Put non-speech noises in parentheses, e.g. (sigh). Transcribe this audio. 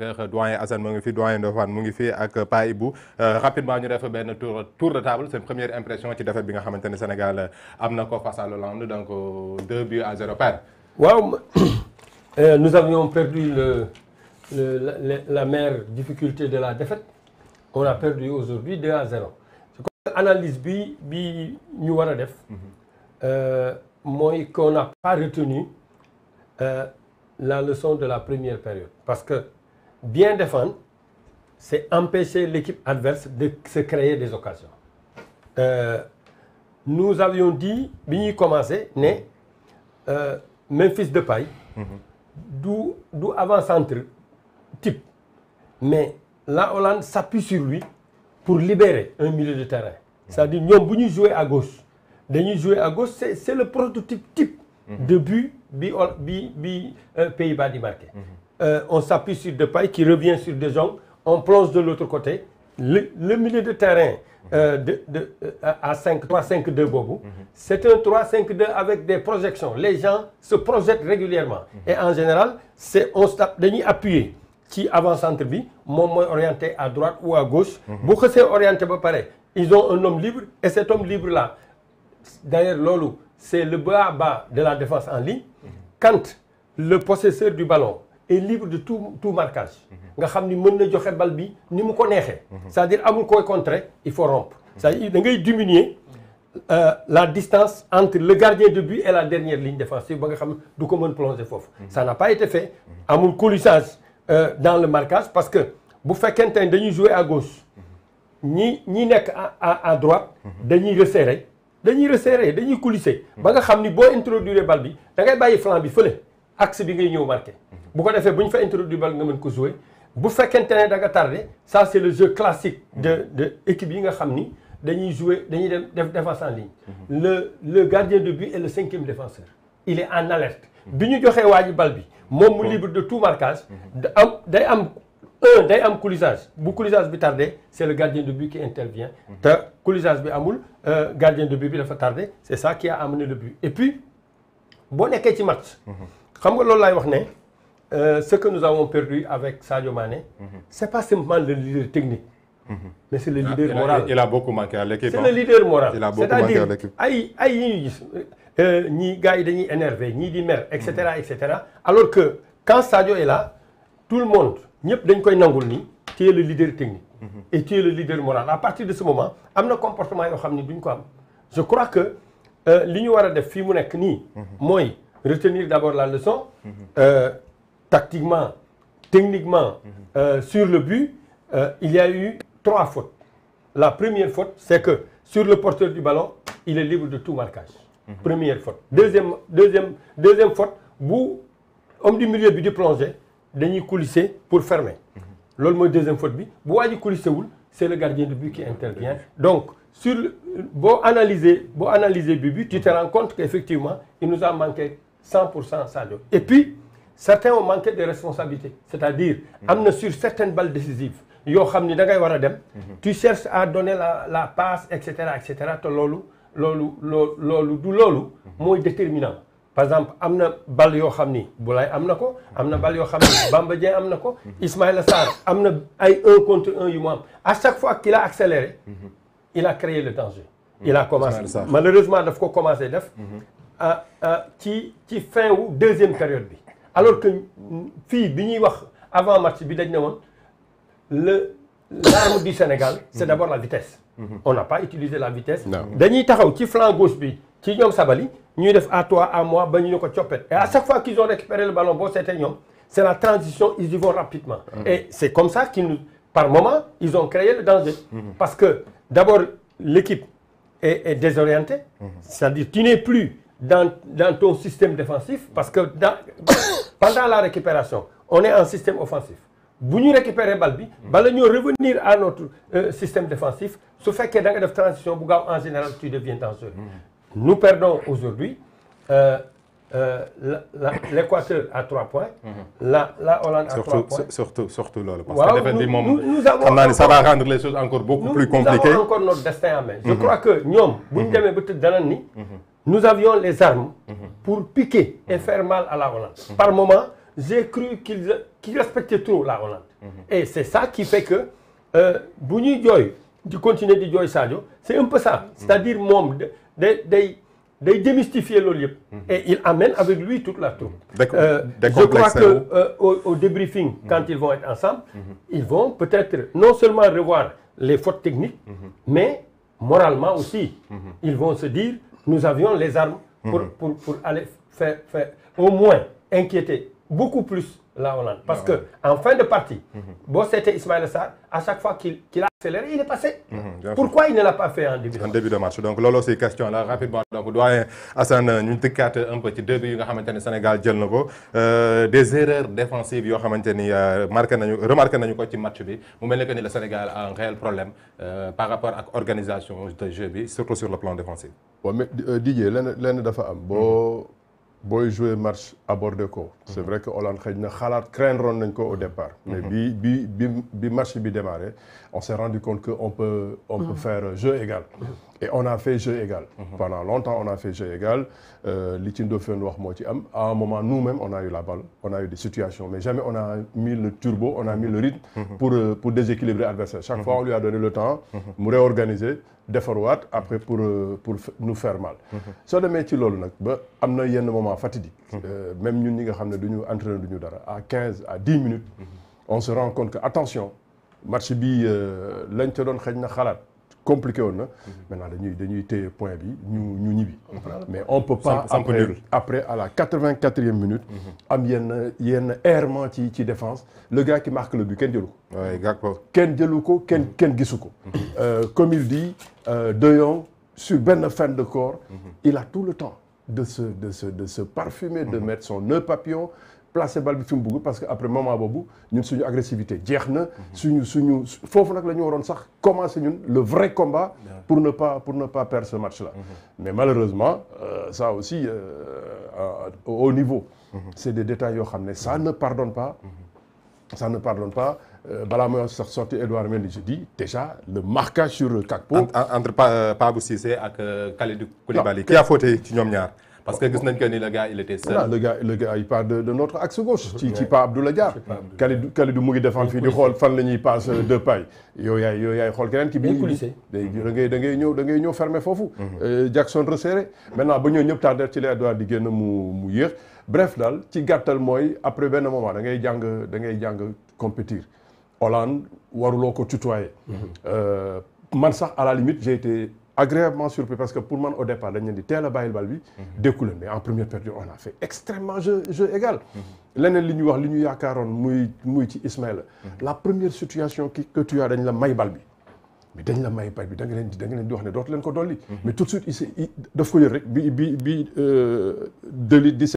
Euh, doyen Assane mu ngi fi doyen Ndofane mu ngi fi ak euh, Pa Ibou euh, rapidement ñu def benn tour tour de table seen première impression ci défaite bi nga xamante ne Sénégal am na ko face à l'Hollande donc deux buts à zéro pair. waaw (coughs) nous avions perdu le, le la la mère difficulté de la défaite on a perdu aujourd'hui 2 à 0. comme analyse bi bi ñu war a def. Mhm. mooy qu'on n'a pas retenu la leçon de la première période parce que. bien défendre c'est empêcher l'équipe adverse de se créer des occasions euh, nous avions dit bi ñuy commencé ne euh, Memphis de mm du du avant-centre type mais la Hollande s'appuie sur lui pour libérer un milieu de terrain c'est-à-dire ñoom bu ñuy jouer à gauche dañuy jouer à gauche c'est le prototype type de but bi bi bi euh, Pays-Bas di marqué euh, on s'appuie sur Depay qui revient sur De Jong, on plonge de l'autre côté. Le, le, milieu de terrain euh, de, euh, à cinq 3 cinq 2 boobu. Mhm. c'est un trois 5 2 avec des projections. Les gens se projettent régulièrement. Mhm. Et en général, c'est on dañuy appuyer ci avant-centre bi moom mooy orienté à droite ou à gauche. Mhm. bu xësee orienté ba pare ils ont un homme libre et cet homme libre là d'ailleurs loolu c'est le bas à bas de la défense en ligne. Quand le possesseur du ballon. est libre de tout tout marquage. nga xam ni mën na joxe bal bi ni mu ko neexee. c'est-à-dire amul koy contrer il faut rompre. cest à da ngay diminuer euh, la distance entre le gardien de but et la dernière ligne défensive ba nga xam du ko mën plonger foofu. ça n'a pas été fait amul colissage euh, dans le marquage parce que bu fekkente ne dañuy jouer à gauche ñi ñi nekk à à droite dañuy resserrer dañuy resserrer dañuy coulisser ba nga xam ni boo introduire bal bi da ngay bàyyi flanc bi fële. axe bi ngay ñëw marqué. bu ko defee bu ñu fa introduit bal nga mën ko jouer bu fekkente ne da nga tardé ça le jeu classique de équipe yi nga xam ni dañuy jouer dañuy dem def défense en ligne. le le gardien de but est le cinquième défenseur. il est en alerte. bi ñu joxee waa ji bal bi. moom mu libre de tout marquage. Mm-hmm. da am day am un day am coulissage bu coulisage bi tardé c' le gardien de but qui intervient. Mm-hmm. te coulissage bi amul euh, gardien de but bi dafa tardé c' est ça qui a amené le but et puis boo nekkee ci match. Mm-hmm. xam nga loolu laay wax ne euh, ce que nous avons perdu avec Sadio maane mhm. c'est pas simplement le leader technique. Mhm. mais c'est ah, le leader moral il a beaucoup manqué à l'équipe. c'est le leader moral c'est-à-dire ay ay yi ñu euh, ñii gars yi dañuy énervé ñii di mer et cetera mhm. et cetera alors que quand Sadio est là tout le monde ñëpp dañ koy nangul nii tu es le leader technique. et tu es leader moral à partir de ce moment am na comportement yoo xam ni duñ ko am je crois que euh, li ñu war a def fii mu nekk nii. mooy. retenir d'abord la leçon. Mhm. Euh, tactiquement, techniquement, mhm. euh, sur le but, euh, il y a eu trois fautes. La première faute, c'est que sur le porteur du ballon, il est libre de tout marquage. Mhm. Première faute. Deuxième, deuxième, deuxième faute, bu homme du milieu bi di plongé dañuy coulisser pour fermer. loolu mooy deuxième faute bi bu waa ji coulisser wul c'est le gardien de but qui intervient donc. sur boo analyser boo analyser bi bi tu te rends compte qu'effectivement il nous a manqué 100 pour cent Sadio et puis certains ont manqué de responsabilité c'est-à-dire mm-hmm. am na sur certaines balles décisives yoo xam ni da ngay war a dem mm-hmm. tu cherches à donner la la passe et cetera et loolu loolu loo loolu du loolu mm-hmm. mooy déterminant par exemple am na bal yoo xam ni Boulaye am na ko am na bal yoo xam ni Bamba Dieng am na ko Ismaïla Sarr am na ay un conte un yu mu à chaque fois qu'il a accéléré il a créé le danger il a commencé malheureusement daf ko commencé def Euh, euh, ci ci fin wu deuxième période bi alors que fii bi ñuy wax avant match bi dañ ne woon le l'arme du Sénégal c'est mhm. d'abord la vitesse mhm. on n'a pas utilisé la vitesse dañuy taxaw ci flanc bi ci ñoom Sabali ñuy def à toi à mois ba ñu ñu ko coppet et à chaque fois qu'ils ont récupéré le ballon boo seetee ñoom c'est la transition ils y vont rapidement mhm. et c'est comme ça qu'ils nous par moment ils ont créé le danger parce que d'abord l'équipe est, est désorientée c'est-à-dire tu n'es dans, dans ton système défensif parce que dans, (coughs) pendant la récupération, on est en système offensif. bu ñu récupérer bal bi mm. bala ñoo revenir à notre euh, système défensif su fekkee da def transition bu gaaw en général tu deviens dangereux mm. nous perdons aujourd'hui euh, euh, l'Équateur à trois points mm. la la Hollande surtout, à trois points surtout surtout loolu parce que defe di moom xam naa ne ça va rendre les choses encore beaucoup nous, plus compliquées nous avons encore notre destin je mm-hmm. crois que ñoom bu ñu mm-hmm. demee ba tëdd danañ ni nous avions les armes mhm. pour piquer et mhm. faire mal à la Hollande. Mhm. Par moment, j'ai cru qu'ils qu'ils trop la Hollande. Et c'est ça qui fait que euh, bu ñuy jooy di continuer di jooy Sadio c'est un peu ça. c'est-à-dire moom day day day démystifier loolu yëpp. et il amène avec lui toute la troupe. Euh, je crois que euh, au, au débriefing. quand ils vont être ensemble. ils vont peut-être non seulement revoir les fautes techniques. mais moralement aussi. ils vont se dire. nous avions les armes pour, mmh. pour, pour aller faire, faire, au moins inquiéter beaucoup plus la Hollande. Parce qu'en ah ouais. que en fin de partie, mmh. bon, c'était Ismaël Sarr, à chaque fois qu'il qu a Séléré il est passé. Mmh, Pourquoi il ne l'a pas en début de match. donc looloo si question la rapidement donc doyen Assane euh, ñu tëkkaat un peu ci deux buts yi nga xamante ne Sénégal jël na ko euh, des erreurs défensives yoo xamante ni euh, marqué nañu remarqué nañu ko ci match bi mu mel ni que ni le Sénégal a un réel problème euh, par rapport ak organisation de jeu bi surtout sur le plan défensif. waaw ouais, mais lenn lenn dafa am booy jouer match abordé ko. c' mhm. vrai que Hollande xëy na xalaat craindre nañ ko au mhm. départ. Mhm. mais bi bi bi bi match bi démarré on s' est rendu compte que peut faire jeu égal. et on a fait jeu égal. pendant longtemps on a fait jeu égal euh, li ci Ndofène wax moo ci am à un moment nous-mêmes on a eu la balle on a eu des situations mais jamais on a mis le turbo on a mis le rythme. pour euh, pour déséquilibrer l'adversaire. chaque fois on lui a donné le temps. mu réorganiser defarwaat après pour euh, pour nous mal. soo demee ci loolu nag ba am na yenn moment fatidique. même ñun ñi nga xam ne du ñu entraîné du ñu dara à quinze à dix minutes. on se rend compte que attention match bi lañ ca doon xëj na xalaat. compliqué woon na maintenant dañuy t téye point bi ñu ñu ñibbi mais on peut pas après après à la quatre-vingt-quatrième minute am yenn yenn errement ci ci défense le gars qui marque le but kenn jëlu ko kenn jëlu ko kenn kenn gisu ko euh, comme il dit euh, De Jong sur benn fin de corps il a tout le temps de se de se de se parfumer de mettre son nœud papillon placer bal bi fi mu bëgg parce que après moment boobu ñun suñu agressivité jeex na. su suñu foofu nag la ñu waroon sax commencer ñun le vrai combat. pour ne pas pour ne pas perdre ce match là. mais malheureusement euh, ça aussi euh, au niveau. c'est des détails yoo xam ne ça ne pardonne pas. ça ne pardonne euh, balaa ma sax sorti Edouard Mendy je dis déjà le marquage sur Gakpo. entre Pape Bou Cissé ak Kalidou Koulibaly. qui a fauté ci ñoom ñaar. parce que gis nañ que ni le gars il était seul. voilà le gars le gars il part de de notre axe gauche. ci ci Pape Abdoulaye Diar. Kalidou mu ngi défendre fii di xool fan la ñuy passe euh, deux pailles. yow xool keneen ki. bi da ngay da ngay ñëw da ngay ñëw fermé foofu. Mhm. Euh, Jackson resserré. maintenant ba ñëw ñëpp tardé ci la Edouard di génn mu yéex. bref daal ci gàttal mooy après benn moment da ngay jàng da ngay jàng compétir Hollande waruloo ko tutoyer. Mhm. Euh, man sax à la limite agréablement surpris parce que pour man au départ dañ di teel bàyyil bal bi. Mhm. dékku mais en première période on a fait extrêmement jeu jeu égal. Mhm. leneen li ñuy wax li ñuy yaakaaroon muy muy ci Ismaïla. Mhm. la première situation qui que tu as dañ la may bal bi. mais dañ la may bal bi da nga leen di da nga leen di wax ne dootu leen ko dolli. mais tout de suite il daf ko yël rek bi bi bi euh,